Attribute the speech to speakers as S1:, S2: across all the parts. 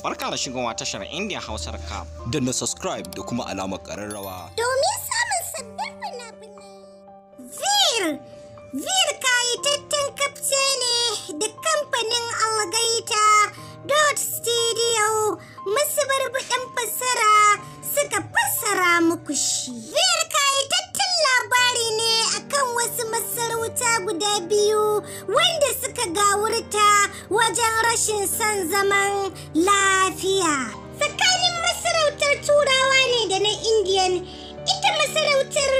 S1: Barka da shigowa tashar Indian Hausar ka Da na subscribe da kuma alamar ƙararrawa. Domin samun sabbin fina-finai. Vir! Vir kayitattun kafce ne da kamfanin Algaita Dot Studio masu barbaɗin fassara suka fassara muku shi. biyu wanda suka gawurta wajen rashin son zaman lafiya. Tsakanin masarautar turawa ne da na Indiyan, ita masarautar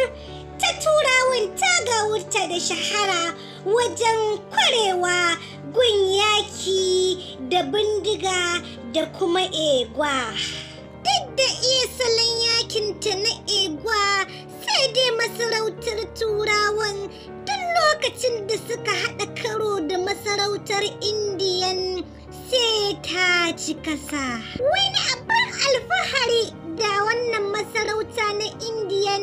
S1: ta turawan ta gawurta da shahara wajen kwarewa gun yaki da bindiga da kuma egwa. lokacin da suka haɗa karo da masarautar indiyan sai ta ci kasa wani abin alfahari da wannan masarauta na indiyan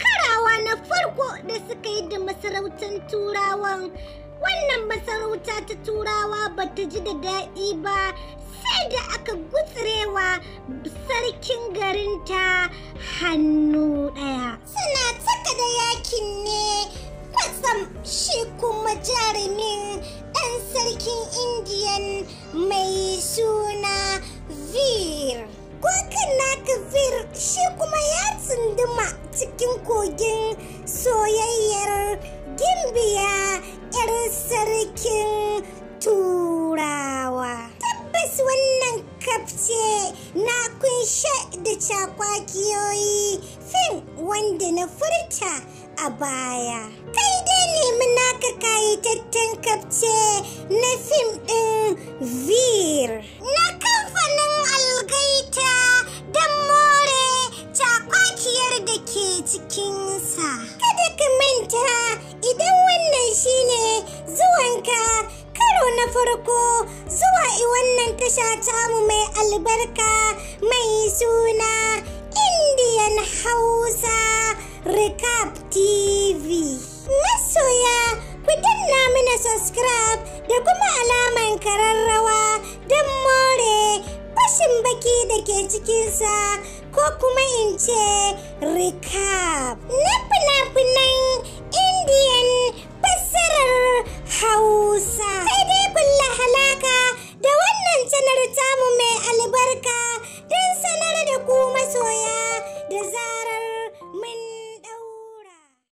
S1: karawa na farko da suka yi da masarautar turawan wannan masarauta ta turawa ba ta ji da daɗi ba sai da aka gutsurewa sarkin garinta hannu ɗaya suna taka da yakin ne sam shi kuma jarumin ɗan sarkin indiyan mai suna vir kwakan naka vir shi kuma ya tsunduma cikin kogin soyayyar gimbiya 'yar sarkin turawa tabbas wannan kafce na kunshe da cakwakiyoyi fim wanda na furta a baya kai nemi naka kayataccen e kafce na fim ɗin vir na kamfanin algaita don more cakwakiyar da ke cikinsa kada ka manta idan wannan shine zuwanka karo na farko zuwa i wannan e tasha tamu mai albarka mai suna indian hausa recap tv masoya ku danna mana subscribe da kuma alaman kararrawa don more bashin baki da ke cikinsa ko kuma in ce recap na